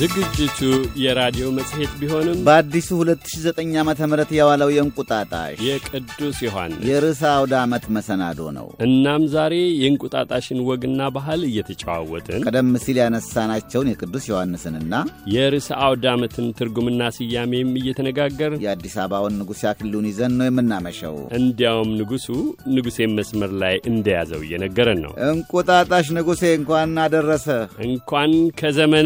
ዝግጅቱ የራዲዮ መጽሔት ቢሆንም በአዲሱ 2009 ዓ ም የዋለው የእንቁጣጣሽ የቅዱስ ዮሐንስ የርዕሰ አውደ ዓመት መሰናዶ ነው። እናም ዛሬ የእንቁጣጣሽን ወግና ባህል እየተጨዋወጥን ቀደም ሲል ያነሳናቸውን የቅዱስ ዮሐንስንና የርዕሰ አውደ ዓመትን ትርጉምና ስያሜም እየተነጋገር የአዲስ አበባውን ንጉሥ ያክሉን ይዘን ነው የምናመሸው። እንዲያውም ንጉሡ ንጉሴን መስመር ላይ እንደያዘው እየነገረን ነው። እንቁጣጣሽ ንጉሴ እንኳን አደረሰ እንኳን ከዘመነ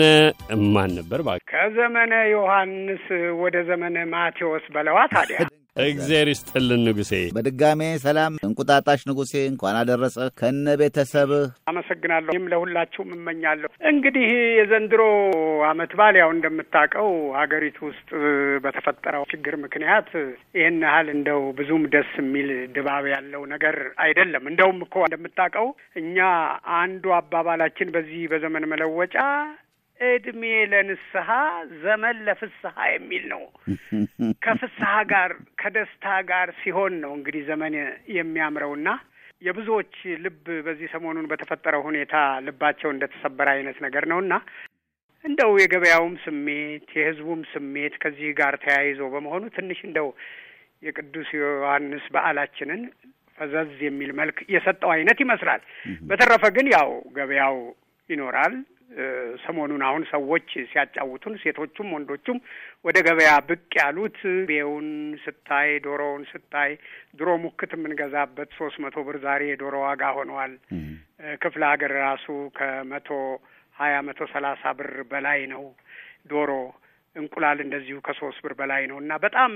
ማን ነበር? ከዘመነ ዮሐንስ ወደ ዘመነ ማቴዎስ በለዋ። ታዲያ እግዜር ይስጥልን ንጉሴ። በድጋሜ ሰላም እንቁጣጣሽ ንጉሴ፣ እንኳን አደረሰ ከነ ቤተሰብህ። አመሰግናለሁ። ይህም ለሁላችሁም እመኛለሁ። እንግዲህ የዘንድሮ አመት በዓል ያው እንደምታውቀው ሀገሪቱ ውስጥ በተፈጠረው ችግር ምክንያት ይህን ያህል እንደው ብዙም ደስ የሚል ድባብ ያለው ነገር አይደለም። እንደውም እኮ እንደምታውቀው እኛ አንዱ አባባላችን በዚህ በዘመን መለወጫ እድሜ ለንስሐ ዘመን ለፍስሐ የሚል ነው። ከፍስሐ ጋር ከደስታ ጋር ሲሆን ነው እንግዲህ ዘመን የሚያምረውና የብዙዎች ልብ በዚህ ሰሞኑን በተፈጠረው ሁኔታ ልባቸው እንደተሰበረ አይነት ነገር ነውና እንደው የገበያውም ስሜት የሕዝቡም ስሜት ከዚህ ጋር ተያይዞ በመሆኑ ትንሽ እንደው የቅዱስ ዮሐንስ በዓላችንን ፈዘዝ የሚል መልክ የሰጠው አይነት ይመስላል። በተረፈ ግን ያው ገበያው ይኖራል። ሰሞኑን አሁን ሰዎች ሲያጫውቱን ሴቶቹም ወንዶቹም ወደ ገበያ ብቅ ያሉት ቤውን ስታይ ዶሮውን ስታይ ድሮ ሙክት የምንገዛበት ሶስት መቶ ብር ዛሬ የዶሮ ዋጋ ሆነዋል። ክፍለ ሀገር ራሱ ከመቶ ሀያ መቶ ሰላሳ ብር በላይ ነው ዶሮ እንቁላል እንደዚሁ ከሶስት ብር በላይ ነው እና በጣም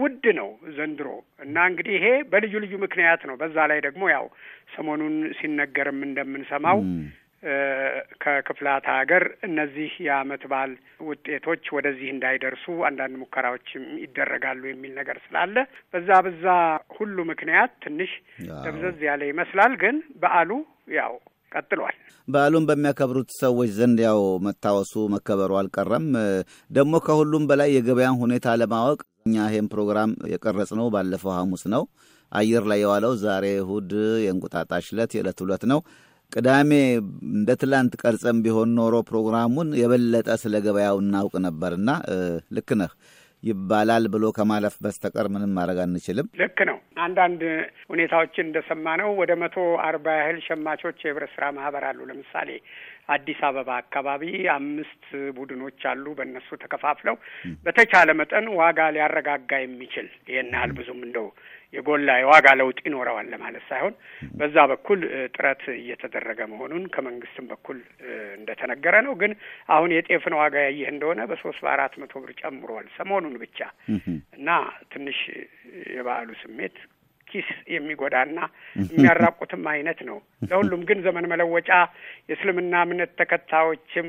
ውድ ነው ዘንድሮ። እና እንግዲህ ይሄ በልዩ ልዩ ምክንያት ነው። በዛ ላይ ደግሞ ያው ሰሞኑን ሲነገርም እንደምንሰማው ከክፍላት ሀገር እነዚህ የአመት በዓል ውጤቶች ወደዚህ እንዳይደርሱ አንዳንድ ሙከራዎችም ይደረጋሉ የሚል ነገር ስላለ በዛ በዛ ሁሉ ምክንያት ትንሽ ደብዘዝ ያለ ይመስላል። ግን በዓሉ ያው ቀጥሏል። በዓሉን በሚያከብሩት ሰዎች ዘንድ ያው መታወሱ መከበሩ አልቀረም። ደግሞ ከሁሉም በላይ የገበያን ሁኔታ ለማወቅ እኛ ይህም ፕሮግራም የቀረጽነው ባለፈው ሐሙስ ነው። አየር ላይ የዋለው ዛሬ እሁድ የእንቁጣጣሽ ዕለት የዕለት ዕለት ነው። ቅዳሜ እንደ ትላንት ቀርጸም ቢሆን ኖሮ ፕሮግራሙን የበለጠ ስለ ገበያው እናውቅ ነበርና ልክ ነህ ይባላል ብሎ ከማለፍ በስተቀር ምንም ማድረግ አንችልም። ልክ ነው። አንዳንድ ሁኔታዎችን ነው። ወደ መቶ አርባ ያህል ሸማቾች የህብረት ስራ ማህበር አሉ። ለምሳሌ አዲስ አበባ አካባቢ አምስት ቡድኖች አሉ። በእነሱ ተከፋፍለው በተቻለ መጠን ዋጋ ሊያረጋጋ የሚችል ይህን ያህል ብዙም እንደ የጎላ የዋጋ ለውጥ ይኖረዋል ለማለት ሳይሆን በዛ በኩል ጥረት እየተደረገ መሆኑን ከመንግስትም በኩል እንደተነገረ ነው። ግን አሁን የጤፍን ዋጋ ያየህ እንደሆነ በሶስት በአራት መቶ ብር ጨምሯል ሰሞኑን ብቻ እና ትንሽ የበዓሉ ስሜት ኪስ የሚጎዳና የሚያራቁትም አይነት ነው። ለሁሉም ግን ዘመን መለወጫ የእስልምና እምነት ተከታዮችም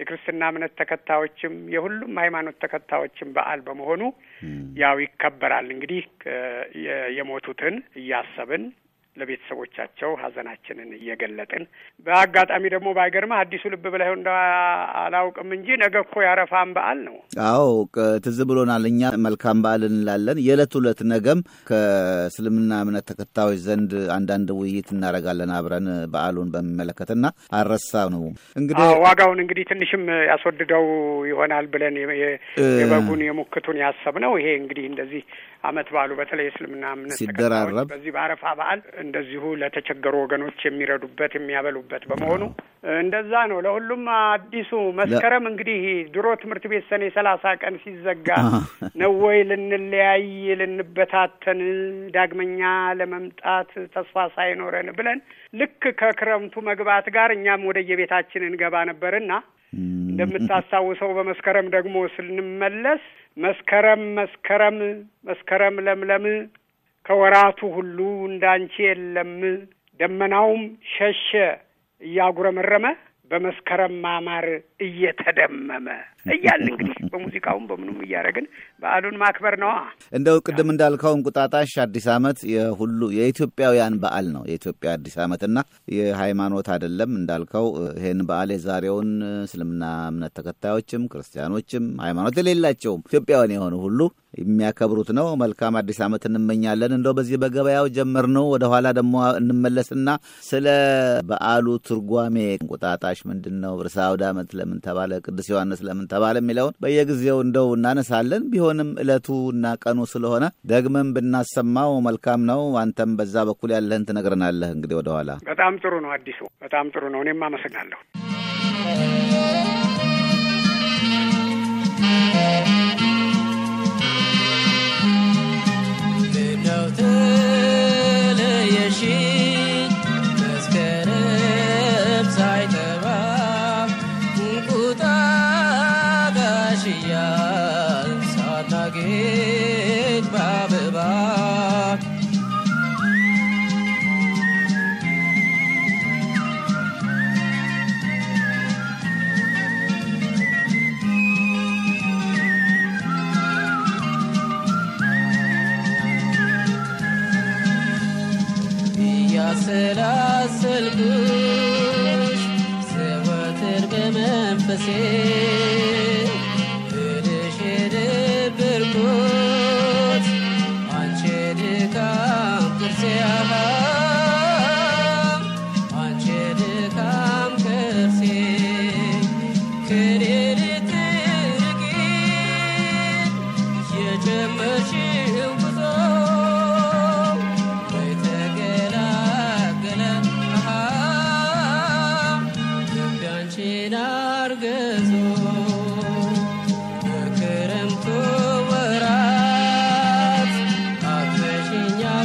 የክርስትና እምነት ተከታዮችም የሁሉም ሃይማኖት ተከታዮችም በዓል በመሆኑ ያው ይከበራል። እንግዲህ የሞቱትን እያሰብን ለቤተሰቦቻቸው ሀዘናችንን እየገለጥን በአጋጣሚ ደግሞ ባይገርምህ አዲሱ ልብ ብለህ እንደ አላውቅም እንጂ ነገ እኮ ያረፋን በዓል ነው። አዎ ትዝ ብሎናል። እኛ መልካም በዓል እንላለን። የዕለት ሁለት ነገም ከእስልምና እምነት ተከታዮች ዘንድ አንዳንድ ውይይት እናደርጋለን አብረን በዓሉን በሚመለከትና አረሳ ነው እንግዲህ ዋጋውን እንግዲህ ትንሽም ያስወድደው ይሆናል ብለን የበጉን የሙክቱን ያሰብ ነው። ይሄ እንግዲህ እንደዚህ አመት ባሉ በተለይ እስልምና እምነት ሲደራረብ በዚህ በአረፋ በዓል እንደዚሁ ለተቸገሩ ወገኖች የሚረዱበት የሚያበሉበት በመሆኑ እንደዛ ነው። ለሁሉም አዲሱ መስከረም እንግዲህ ድሮ ትምህርት ቤት ሰኔ ሰላሳ ቀን ሲዘጋ ነው ወይ ልንለያይ ልንበታተን ዳግመኛ ለመምጣት ተስፋ ሳይኖረን ብለን ልክ ከክረምቱ መግባት ጋር እኛም ወደየቤታችን እንገባ ነበርና እንደምታስታውሰው በመስከረም ደግሞ ስንመለስ መስከረም መስከረም መስከረም ለምለም ከወራቱ ሁሉ እንዳንቺ የለም ደመናውም ሸሸ እያጉረመረመ በመስከረም ማማር እየተደመመ እያል እንግዲህ በሙዚቃውም በምኑም እያደረግን በዓሉን ማክበር ነዋ። እንደው ቅድም እንዳልከው እንቁጣጣሽ አዲስ ዓመት የሁሉ የኢትዮጵያውያን በዓል ነው። የኢትዮጵያ አዲስ ዓመትና የሃይማኖት አይደለም እንዳልከው። ይህን በዓል የዛሬውን እስልምና እምነት ተከታዮችም ክርስቲያኖችም ሃይማኖት የሌላቸውም ኢትዮጵያውያን የሆኑ ሁሉ የሚያከብሩት ነው። መልካም አዲስ ዓመት እንመኛለን። እንደው በዚህ በገበያው ነው ወደኋላ ደግሞ እንመለስና ስለ በዓሉ ትርጓሜ እንቁጣጣሽ ምንድን ነው ርዕሰ አውደ ዓመት ለምን ተባለ፣ ቅዱስ ዮሐንስ ለምን ተባለ የሚለውን በየጊዜው እንደው እናነሳለን። ቢሆንም ዕለቱ እና ቀኑ ስለሆነ ደግመን ብናሰማው መልካም ነው። አንተም በዛ በኩል ያለህን ትነግረናለህ። እንግዲህ ወደኋላ በጣም ጥሩ ነው። አዲሱ በጣም ጥሩ ነው። እኔም አመሰግናለሁ። سلاس الجوش سواتر بمنفسي ብልሽር ብርኩት አንቺ ድካም ቅርሴ ያላ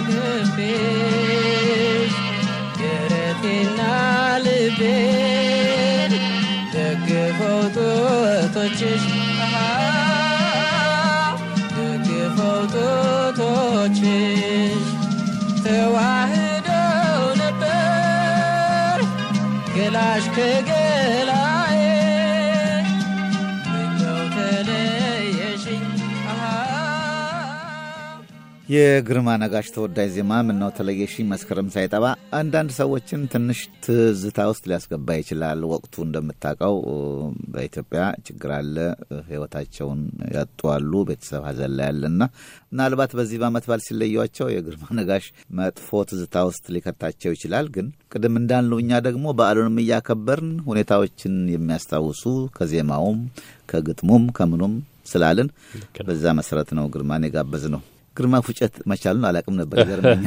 ግቤሽ ደረቴና ልቤን ደግፈው ጡቶችሽ ደግፈው ጡቶችሽ ተዋህደው ነበር ገላሽ ከገ የግርማ ነጋሽ ተወዳጅ ዜማ ምነው ተለየሽኝ መስከረም ሳይጠባ አንዳንድ ሰዎችን ትንሽ ትዝታ ውስጥ ሊያስገባ ይችላል። ወቅቱ እንደምታውቀው በኢትዮጵያ ችግር አለ፣ ሕይወታቸውን ያጡ አሉ፣ ቤተሰብ ሀዘን ላይ ያለና ምናልባት በዚህ በዓመት በዓል ሲለዩቸው የግርማ ነጋሽ መጥፎ ትዝታ ውስጥ ሊከታቸው ይችላል። ግን ቅድም እንዳልነው እኛ ደግሞ በዓሉንም እያከበርን ሁኔታዎችን የሚያስታውሱ ከዜማውም ከግጥሙም ከምኑም ስላልን በዛ መሰረት ነው ግርማን የጋበዝ ነው። ግርማ ፉጨት መቻል ነው። አላቅም ነበር ዘርኛ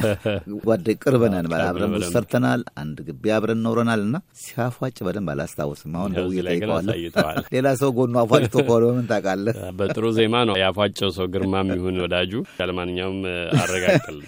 ጓደ ቅርበናል ማለት አብረን ብዙ ሰርተናል። አንድ ግቢ አብረን ኖረናል እና ሲያፏጭ በደንብ አላስታውስም። አሁን ደውዬ ጠይቀዋለሁ። ሌላ ሰው ጎኑ አፏጭቶ ከሆነ በምን ታውቃለህ? በጥሩ ዜማ ነው ያፏጨው ሰው ግርማ የሚሆን ወዳጁ ያለማንኛውም አረጋግጠል